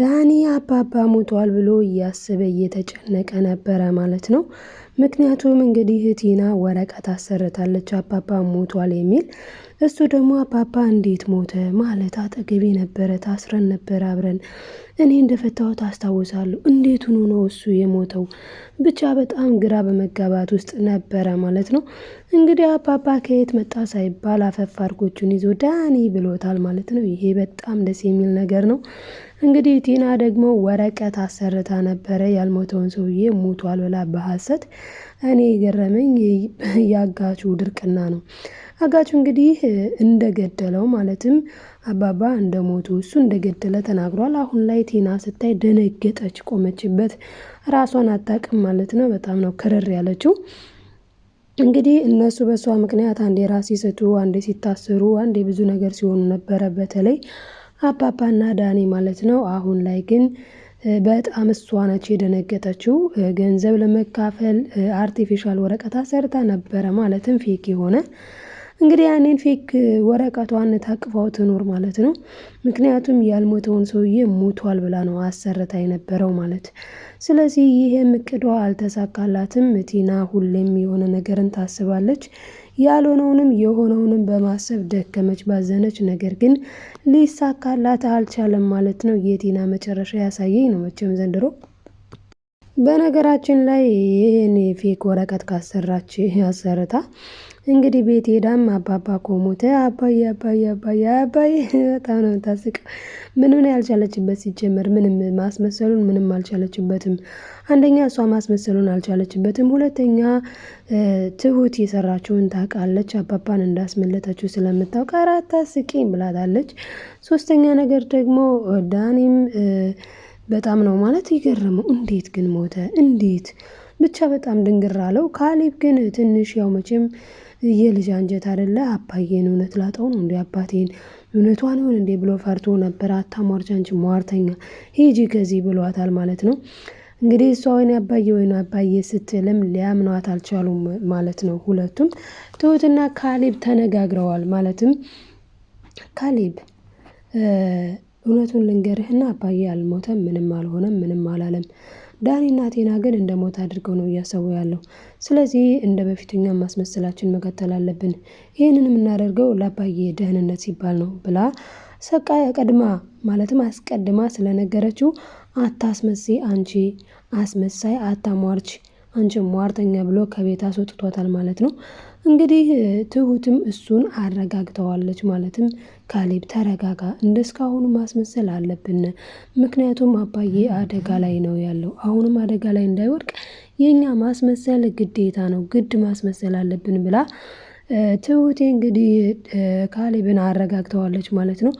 ዳኒ አባባ ሞቷል ብሎ እያሰበ እየተጨነቀ ነበረ ማለት ነው። ምክንያቱም እንግዲህ ቲና ወረቀት አሰርታለች አባባ ሞቷል የሚል እሱ ደግሞ አባባ እንዴት ሞተ ማለት አጠገቤ ነበረ፣ ታስረን ነበረ አብረን፣ እኔ እንደፈታሁት አስታውሳለሁ። እንዴት ሆኖ ነው እሱ የሞተው? ብቻ በጣም ግራ በመጋባት ውስጥ ነበረ ማለት ነው። እንግዲህ አባባ ከየት መጣ ሳይባል አፈፋርጎቹን ይዞ ዳኒ ብሎታል ማለት ነው። ይሄ በጣም ደስ የሚል ነገር ነው። እንግዲህ ቲና ደግሞ ወረቀት አሰርታ ነበረ ያልሞተውን ሰውዬ ሞቷል ብላ በሐሰት እኔ የገረመኝ የአጋቹ ድርቅና ነው። አጋቹ እንግዲህ እንደገደለው ማለትም አባባ እንደሞቱ እሱ እንደገደለ ተናግሯል። አሁን ላይ ቲና ስታይ ደነገጠች፣ ቆመችበት፣ ራሷን አታውቅም ማለት ነው። በጣም ነው ክርር ያለችው። እንግዲህ እነሱ በእሷ ምክንያት አንዴ ራስ ሲስቱ፣ አንዴ ሲታስሩ፣ አንዴ ብዙ ነገር ሲሆኑ ነበረ በተለይ አባባና ዳኒ ማለት ነው። አሁን ላይ ግን በጣም እሷ ነች የደነገጠችው። ገንዘብ ለመካፈል አርቲፊሻል ወረቀት አሰርታ ነበረ፣ ማለትም ፌክ የሆነ እንግዲህ ያኔን ፌክ ወረቀቷን ታቅፋው ትኖር ማለት ነው። ምክንያቱም ያልሞተውን ሰውዬ ሙቷል ብላ ነው አሰርታ የነበረው ማለት። ስለዚህ ይህም እቅዷ አልተሳካላትም። ቲና ሁሌም የሆነ ነገርን ታስባለች። ያልሆነውንም የሆነውንም በማሰብ ደከመች፣ ባዘነች። ነገር ግን ሊሳካላት አልቻለም ማለት ነው። የቴና መጨረሻ ያሳየኝ ነው መቼም ዘንድሮ። በነገራችን ላይ ይህን ፌክ ወረቀት ካሰራች አሰርታ እንግዲህ ቤት ሄዳም አባባ ኮሞተ አባዬ አባዬ አባዬ አባዬ በጣም ነው የምታስቀው። ምንም ነው ያልቻለችበት ሲጀመር ምንም ማስመሰሉን ምንም አልቻለችበትም። አንደኛ እሷ ማስመሰሉን አልቻለችበትም። ሁለተኛ ትሁት የሰራችውን ታውቃለች። አባባን እንዳስመለተችው ስለምታውቅ አራት አስቂኝ ብላታለች። ሶስተኛ ነገር ደግሞ ዳኒም በጣም ነው ማለት የገረመው። እንዴት ግን ሞተ? እንዴት ብቻ በጣም ድንግር አለው። ካሌብ ግን ትንሽ ያው መቼም የልጅ አንጀት አይደለ አባዬን እውነት ላጠው ነው እንዲ አባቴን እውነቷን ይሆን እንዴ ብሎ ፈርቶ ነበር። አታሟርች አንቺ ሟርተኛ ሂጂ ከዚህ ብሏታል ማለት ነው። እንግዲህ እሷ ወይኔ አባዬ ወይኔ አባዬ ስትልም ሊያምኗት አልቻሉም ማለት ነው። ሁለቱም ትሁትና ካሌብ ተነጋግረዋል። ማለትም ካሌብ እውነቱን ልንገርህና አባዬ አልሞተም፣ ምንም አልሆነም፣ ምንም አላለም ዳኒና ቴና ግን እንደ ሞት አድርገው ነው እያሰቡ ያለው። ስለዚህ እንደ በፊተኛ ማስመሰላችን መቀጠል አለብን። ይህንን የምናደርገው ለአባዬ ደህንነት ሲባል ነው ብላ ሰቃ ቀድማ ማለትም አስቀድማ ስለነገረችው አታስመሲ አንቺ አስመሳይ አታሟርች አንቺ ሟርተኛ ብሎ ከቤት አስወጥቷታል ማለት ነው። እንግዲህ ትሁትም እሱን አረጋግተዋለች። ማለትም ካሌብ ተረጋጋ፣ እንደ እስካሁኑ ማስመሰል አለብን፣ ምክንያቱም አባዬ አደጋ ላይ ነው ያለው። አሁንም አደጋ ላይ እንዳይወድቅ የእኛ ማስመሰል ግዴታ ነው፣ ግድ ማስመሰል አለብን ብላ ትሁቴ እንግዲህ ካሌብን አረጋግተዋለች ማለት ነው።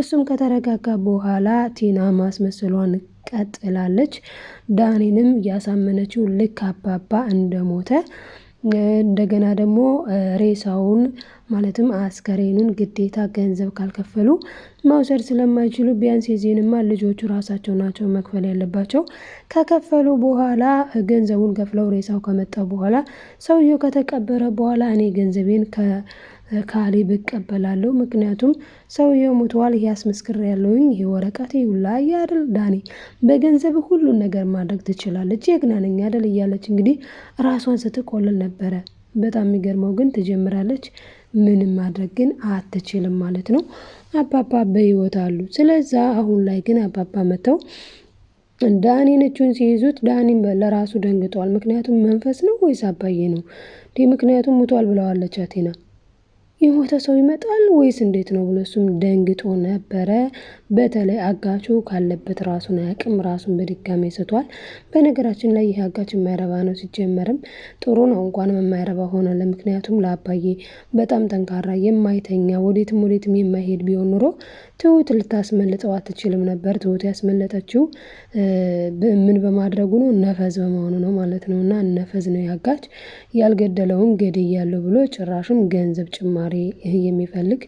እሱም ከተረጋጋ በኋላ ቲና ማስመሰሏን ቀጥላለች። ዳኔንም ያሳመነችው ልክ አባባ እንደሞተ እንደገና ደግሞ ሬሳውን ማለትም አስከሬኑን ግዴታ ገንዘብ ካልከፈሉ መውሰድ ስለማይችሉ ቢያንስ የዚህንማ ልጆቹ ራሳቸው ናቸው መክፈል ያለባቸው። ከከፈሉ በኋላ ገንዘቡን ከፍለው ሬሳው ከመጣ በኋላ ሰውየው ከተቀበረ በኋላ እኔ ገንዘቤን ካሌብ እቀበላለሁ። ምክንያቱም ሰውየው ሞተዋል፣ ይሄ ያለውኝ ይሄ ወረቀት ይውላ አይደል ዳኒ በገንዘብ ሁሉን ነገር ማድረግ ትችላለች፣ ጀግና ነኝ አይደል እያለች እንግዲህ ራሷን ስትቆልል ነበረ። በጣም የሚገርመው ግን ትጀምራለች፣ ምንም ማድረግ ግን አትችልም ማለት ነው። አባባ በህይወት አሉ። ስለዛ አሁን ላይ ግን አባባ መተው ዳኒን እጁን ሲይዙት ዳኒን ለራሱ ደንግጠዋል። ምክንያቱም መንፈስ ነው ወይስ አባዬ ነው? ምክንያቱም ሙቷል ብለዋለች አቴና የሞተ ሰው ይመጣል ወይስ እንዴት ነው ብሎ እሱም ደንግጦ ነበረ። በተለይ አጋቹ ካለበት ራሱን አያውቅም፣ ራሱን በድጋሚ ስቷል። በነገራችን ላይ ይህ አጋች የማይረባ ነው። ሲጀመርም ጥሩ ነው እንኳንም የማይረባ ሆነ ለምክንያቱም ለአባዬ በጣም ጠንካራ የማይተኛ ወዴትም ወዴትም የማይሄድ ቢሆን ኑሮ ትሁት ልታስመልጠው አትችልም ነበር። ትሁት ያስመለጠችው ምን በማድረጉ ነው? ነፈዝ በመሆኑ ነው ማለት ነው። እና ነፈዝ ነው ያጋች ያልገደለውን ገድያለሁ ብሎ ጭራሹም ገንዘብ ጭማሪ የሚፈልግ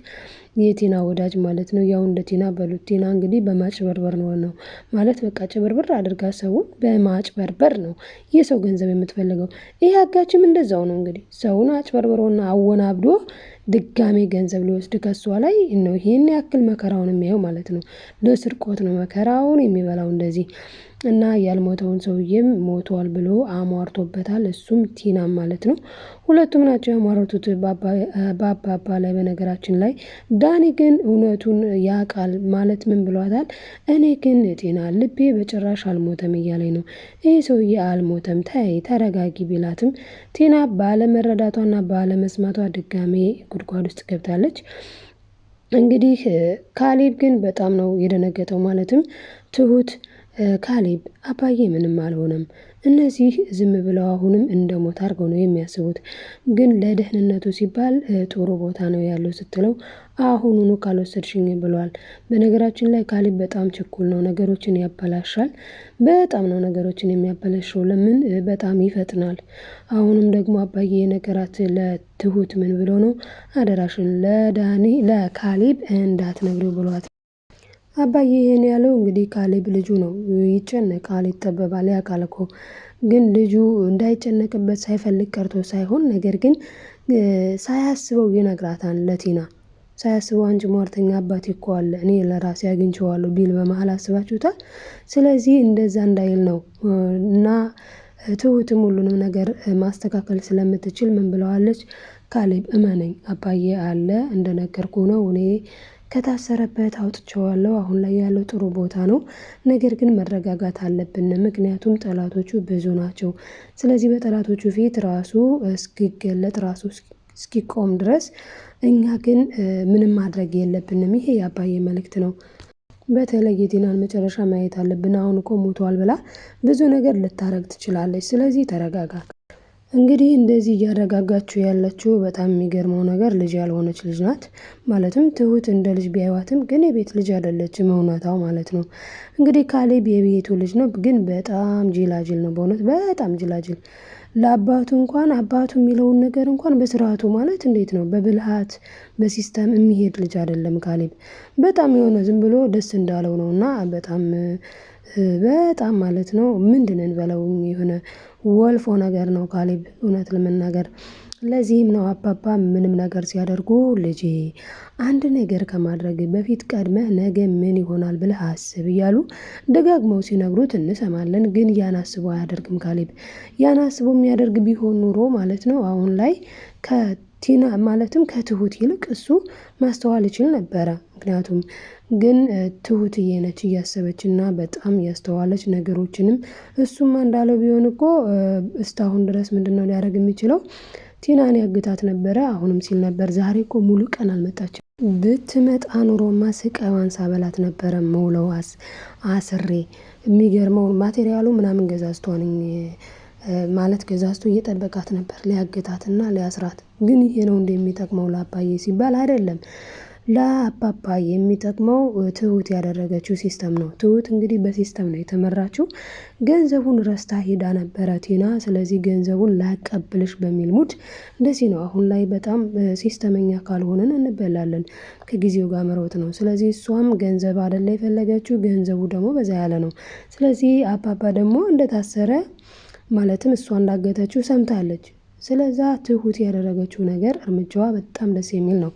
የቲና ወዳጅ ማለት ነው። ያው እንደ ቲና በሉት። ቲና እንግዲህ በማጭበርበር ነው ነው ማለት በቃ ጭበርበር አድርጋ ሰውን በማጭበርበር ነው የሰው ገንዘብ የምትፈልገው። ይህ አጋችም እንደዛው ነው እንግዲህ ሰውን አጭበርብሮና አወናብዶ ድጋሜ ገንዘብ ሊወስድ ከሷ ላይ ነው። ይህን ያክል መከራውን የሚያየው ማለት ነው። ለስርቆት ነው መከራውን የሚበላው እንደዚህ እና ያልሞተውን ሰውዬም ሞቷል ብሎ አሟርቶበታል። እሱም ቲናም ማለት ነው። ሁለቱም ናቸው ያሟርቱት በአባባ ላይ። በነገራችን ላይ ዳኒ ግን እውነቱን ያውቃል። ማለት ምን ብሏታል? እኔ ግን ቲና ልቤ በጭራሽ አልሞተም እያለኝ ነው፣ ይህ ሰውዬ አልሞተም፣ ተይ ተረጋጊ ቢላትም ቲና ባለመረዳቷና ባለመስማቷ ድጋሜ ጉድጓድ ውስጥ ገብታለች። እንግዲህ ካሌብ ግን በጣም ነው የደነገጠው። ማለትም ትሁት ካሌብ አባዬ ምንም አልሆነም። እነዚህ ዝም ብለው አሁንም እንደ ሞት አድርገው ነው የሚያስቡት፣ ግን ለደህንነቱ ሲባል ጥሩ ቦታ ነው ያለው ስትለው አሁኑኑ ካልወሰድሽኝ ብሏል። በነገራችን ላይ ካሌብ በጣም ችኩል ነው፣ ነገሮችን ያበላሻል። በጣም ነው ነገሮችን የሚያበላሸው። ለምን በጣም ይፈጥናል። አሁንም ደግሞ አባዬ የነገራት ለትሁት ምን ብሎ ነው አደራሽን ለዳኒ ለካሌብ እንዳትነግሪው ብሏት አባዬ ይሄን ያለው እንግዲህ ካሌብ ልጁ ነው ይጨነቃል፣ ይጠበባል፣ ያውቃል እኮ ግን ልጁ እንዳይጨነቅበት ሳይፈልግ ቀርቶ ሳይሆን ነገር ግን ሳያስበው ይነግራታል ለቲና ሳያስበው አንቺ ሟርተኛ አባት እኮ አለ እኔ ለራሴ አግኝቼዋለሁ ቢል በመሀል አስባችሁታል። ስለዚህ እንደዛ እንዳይል ነው እና ትሁትም ሁሉንም ነገር ማስተካከል ስለምትችል ምን ብለዋለች? ካሌብ እመነኝ አባዬ አለ እንደነገርኩ ነው እኔ ከታሰረበት አውጥቼዋለሁ። አሁን ላይ ያለው ጥሩ ቦታ ነው። ነገር ግን መረጋጋት አለብን፣ ምክንያቱም ጠላቶቹ ብዙ ናቸው። ስለዚህ በጠላቶቹ ፊት ራሱ እስኪገለጥ ራሱ እስኪቆም ድረስ እኛ ግን ምንም ማድረግ የለብንም። ይሄ የአባዬ መልእክት ነው። በተለይ የቴናን መጨረሻ ማየት አለብን። አሁን እኮ ሞቷል ብላ ብዙ ነገር ልታረግ ትችላለች። ስለዚህ ተረጋጋ። እንግዲህ እንደዚህ እያረጋጋችሁ ያላችሁ በጣም የሚገርመው ነገር ልጅ ያልሆነች ልጅ ናት። ማለትም ትሁት እንደ ልጅ ቢያይዋትም ግን የቤት ልጅ አይደለችም፣ እውነታው ማለት ነው። እንግዲህ ካሌብ የቤቱ ልጅ ነው፣ ግን በጣም ጅላጅል ነው። በእውነት በጣም ጅላጅል ለአባቱ እንኳን አባቱ የሚለውን ነገር እንኳን በስርዓቱ ማለት እንዴት ነው በብልሃት በሲስተም የሚሄድ ልጅ አይደለም ካሌብ። በጣም የሆነ ዝም ብሎ ደስ እንዳለው ነው እና በጣም በጣም ማለት ነው ምንድንን በለው የሆነ ወልፎ ነገር ነው ካሌብ እውነት ለመናገር። ለዚህም ነው አባባ ምንም ነገር ሲያደርጉ ልጄ አንድ ነገር ከማድረግ በፊት ቀድመህ ነገ ምን ይሆናል ብለህ አስብ እያሉ ደጋግመው ሲነግሩት እንሰማለን። ግን ያን አስቦ አያደርግም ካሌብ። ያን አስቦ የሚያደርግ ቢሆን ኑሮ ማለት ነው አሁን ላይ ከቲና ማለትም ከትሁት ይልቅ እሱ ማስተዋል ይችል ነበረ። ምክንያቱም ግን ትሁትዬ ነች እያሰበች እና በጣም እያስተዋለች ነገሮችንም እሱማ እንዳለው ቢሆን እኮ እስካሁን ድረስ ምንድን ነው ሊያደርግ የሚችለው ቲናን ያግታት ነበረ። አሁንም ሲል ነበር። ዛሬ እኮ ሙሉ ቀን አልመጣችም። ብትመጣ ኑሮማ ስቃይዋን ሳበላት ነበረ መውለው አስሬ። የሚገርመው ማቴሪያሉ ምናምን ገዛዝቷንኝ ማለት ገዛዝቶ እየጠበቃት ነበር ሊያግታትና ሊያስራት። ግን ይሄ ነው እንደሚጠቅመው ለአባዬ ሲባል አይደለም ለአፓፓ የሚጠቅመው ትሁት ያደረገችው ሲስተም ነው። ትሁት እንግዲህ በሲስተም ነው የተመራችው። ገንዘቡን ረስታ ሄዳ ነበረ ቴና። ስለዚህ ገንዘቡን ላቀብልሽ በሚል ሙድ እንደዚህ ነው። አሁን ላይ በጣም ሲስተመኛ ካልሆነን እንበላለን፣ ከጊዜው ጋር መሮጥ ነው። ስለዚህ እሷም ገንዘብ አደለ የፈለገችው፣ ገንዘቡ ደግሞ በዛ ያለ ነው። ስለዚህ አባባ ደግሞ እንደታሰረ ማለትም እሷ እንዳገተችው ሰምታለች። ስለዛ ትሁት ያደረገችው ነገር እርምጃዋ በጣም ደስ የሚል ነው።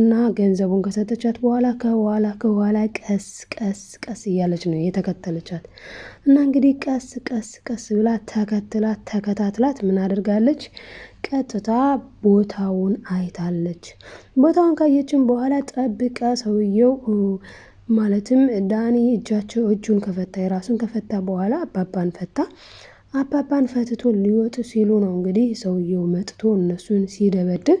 እና ገንዘቡን ከሰጠቻት በኋላ ከኋላ ከኋላ ቀስ ቀስ ቀስ እያለች ነው የተከተለቻት። እና እንግዲህ ቀስ ቀስ ቀስ ብላ ተከትላት ተከታትላት ምን አድርጋለች? ቀጥታ ቦታውን አይታለች። ቦታውን ካየችን በኋላ ጠብቃ ሰውየው ማለትም ዳኒ እጃቸው እጁን ከፈታ የራሱን ከፈታ በኋላ አባባን ፈታ። አባባን ፈትቶ ሊወጡ ሲሉ ነው እንግዲህ ሰውየው መጥቶ እነሱን ሲደበድብ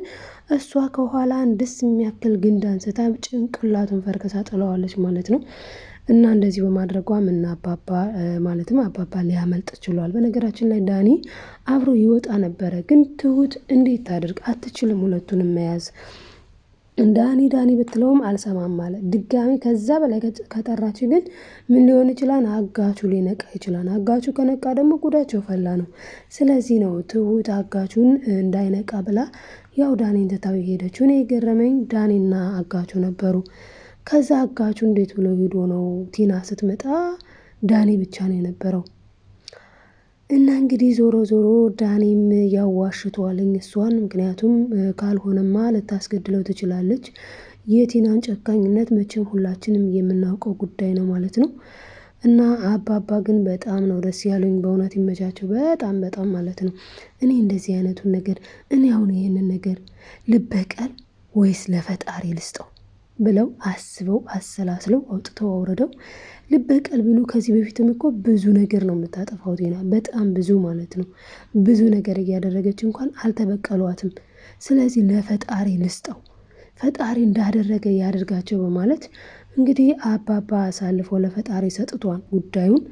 እሷ ከኋላ ደስ የሚያክል ግንድ አንስታ ጭንቅላቱን ፈርከሳ ጥለዋለች ማለት ነው። እና እንደዚህ በማድረጓም እና አባባ ማለትም አባባ ሊያመልጥ ችሏል። በነገራችን ላይ ዳኒ አብሮ ይወጣ ነበረ፣ ግን ትሁት እንዴት ታድርግ? አትችልም ሁለቱንም መያዝ ዳኒ ዳኒ ብትለውም አልሰማም አለ። ድጋሚ ከዛ በላይ ከጠራች ግን ምን ሊሆን ይችላል? አጋቹ ሊነቃ ይችላል። አጋቹ ከነቃ ደግሞ ጉዳቸው ፈላ ነው። ስለዚህ ነው ትሁት አጋቹን እንዳይነቃ ብላ ያው ዳኒን ትታው የሄደችው። እኔ የገረመኝ ዳኒና አጋቹ ነበሩ። ከዛ አጋቹ እንዴት ብሎ ሂዶ ነው ቲና ስትመጣ ዳኒ ብቻ ነው የነበረው። እና እንግዲህ ዞሮ ዞሮ ዳኔም ያዋሽተዋለኝ እሷን። ምክንያቱም ካልሆነማ ልታስገድለው ትችላለች። የቲናን ጨካኝነት መቼም ሁላችንም የምናውቀው ጉዳይ ነው ማለት ነው። እና አባባ ግን በጣም ነው ደስ ያሉኝ። በእውነት ይመቻቸው። በጣም በጣም ማለት ነው። እኔ እንደዚህ አይነቱን ነገር እኔ አሁን ይህንን ነገር ልበቀል ወይስ ለፈጣሪ ልስጠው? ብለው አስበው አሰላስለው አውጥተው አውርደው ልበ ቀል ብሎ ከዚህ በፊትም እኮ ብዙ ነገር ነው የምታጠፋው ጤና በጣም ብዙ ማለት ነው። ብዙ ነገር እያደረገች እንኳን አልተበቀሏትም። ስለዚህ ለፈጣሪ ልስጠው፣ ፈጣሪ እንዳደረገ ያደርጋቸው በማለት እንግዲህ አባባ አሳልፎ ለፈጣሪ ሰጥቷል ጉዳዩን።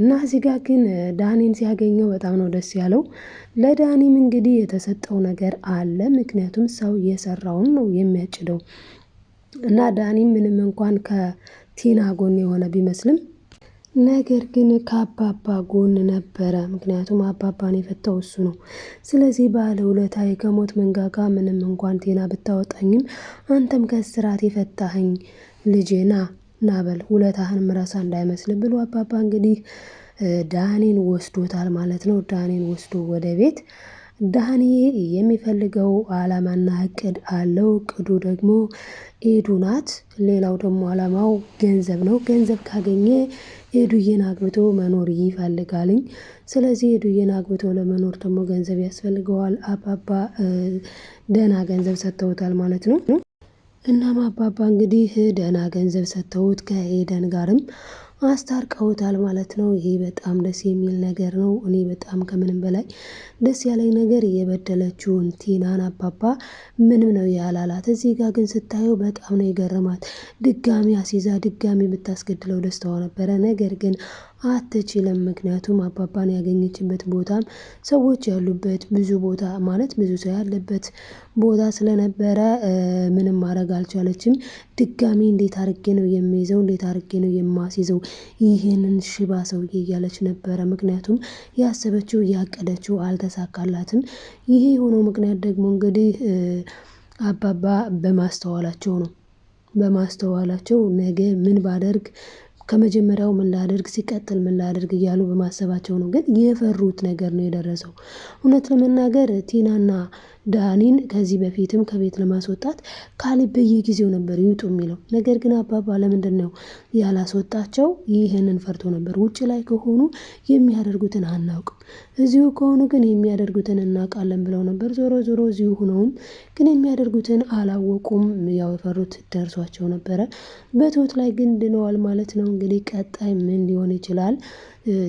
እና እዚህ ጋር ግን ዳኒን ሲያገኘው በጣም ነው ደስ ያለው። ለዳኒም እንግዲህ የተሰጠው ነገር አለ። ምክንያቱም ሰው የሰራውን ነው የሚያጭደው። እና ዳኒ ምንም እንኳን ከቲና ጎን የሆነ ቢመስልም ነገር ግን ከአባባ ጎን ነበረ። ምክንያቱም አባባን የፈታው እሱ ነው። ስለዚህ ባለ ውለታዬ ከሞት መንጋጋ ምንም እንኳን ቴና ብታወጣኝም አንተም ከእስራት የፈታኸኝ ልጄ ና ናበል ውለታህን ምረሳ እንዳይመስል ብሎ አባባ እንግዲህ ዳኔን ወስዶታል ማለት ነው። ዳኔን ወስዶ ወደ ቤት ዳህንዬ የሚፈልገው አላማና እቅድ አለው። እቅዱ ደግሞ ኤዱ ናት። ሌላው ደግሞ አላማው ገንዘብ ነው። ገንዘብ ካገኘ ኤዱዬን አግብቶ መኖር ይፈልጋልኝ። ስለዚህ ኤዱዬን አግብቶ ለመኖር ደግሞ ገንዘብ ያስፈልገዋል። አባባ ደህና ገንዘብ ሰጥተውታል ማለት ነው። እናም አባባ እንግዲህ ደህና ገንዘብ ሰጥተውት ከኤደን ጋርም አስታርቀውታል ማለት ነው። ይሄ በጣም ደስ የሚል ነገር ነው። እኔ በጣም ከምንም በላይ ደስ ያለኝ ነገር የበደለችውን ቲናን አባባ ምንም ነው ያላላት። እዚህ ጋር ግን ስታየው በጣም ነው የገረማት። ድጋሚ አሲዛ ድጋሚ የምታስገድለው ደስታዋ ነበረ። ነገር ግን አትችልም። ምክንያቱም አባባን ያገኘችበት ቦታም ሰዎች ያሉበት ብዙ ቦታ ማለት ብዙ ሰው ያለበት ቦታ ስለነበረ ምንም ማድረግ አልቻለችም። ድጋሚ እንዴት አርጌ ነው የሚይዘው? እንዴት አርጌ ነው የማስይዘው? ይህንን ሽባ ሰውዬ እያለች ነበረ። ምክንያቱም ያሰበችው ያቀደችው አልተሳካላትም። ይሄ የሆነው ምክንያት ደግሞ እንግዲህ አባባ በማስተዋላቸው ነው። በማስተዋላቸው ነገ ምን ባደርግ ከመጀመሪያው ምን ላደርግ ሲቀጥል ምን ላደርግ እያሉ በማሰባቸው ነው። ግን የፈሩት ነገር ነው የደረሰው። እውነት ለመናገር ቲናና ዳኒን ከዚህ በፊትም ከቤት ለማስወጣት ካሌብ በየጊዜው ነበር ይውጡ የሚለው። ነገር ግን አባባ ለምንድን ነው ያላስወጣቸው? ይህንን ፈርቶ ነበር። ውጭ ላይ ከሆኑ የሚያደርጉትን አናውቅም፣ እዚሁ ከሆኑ ግን የሚያደርጉትን እናውቃለን ብለው ነበር። ዞሮ ዞሮ እዚሁ ሆነውም ግን የሚያደርጉትን አላወቁም። ያው የፈሩት ደርሷቸው ነበረ። በትሁት ላይ ግን ድነዋል ማለት ነው። እንግዲህ ቀጣይ ምን ሊሆን ይችላል?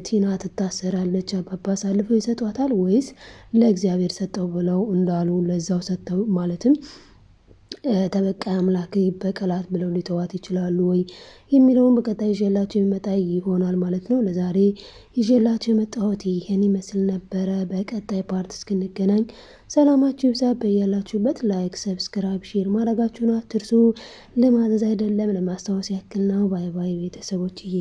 ቲና ትታሰራለች፣ አባባ አሳልፈው ይሰጧታል ወይስ ለእግዚአብሔር ሰጠው ብለው እንዳሉ ለዛው ሰጠው ማለትም ተበቃይ አምላክ በቀላት ብለው ሊተዋት ይችላሉ ወይ የሚለውን በቀጣይ ይዤላቸው የሚመጣ ይሆናል ማለት ነው። ለዛሬ ይዤላቸው የመጣሁት ይህን ይመስል ነበረ። በቀጣይ ፓርት እስክንገናኝ ሰላማችሁ ይብዛ። በያላችሁበት ላይክ፣ ሰብስክራይብ፣ ሼር ማድረጋችሁን አትርሱ። ለማዘዝ አይደለም ለማስታወስ ያክል ነው። ባይ ባይ ቤተሰቦችዬ።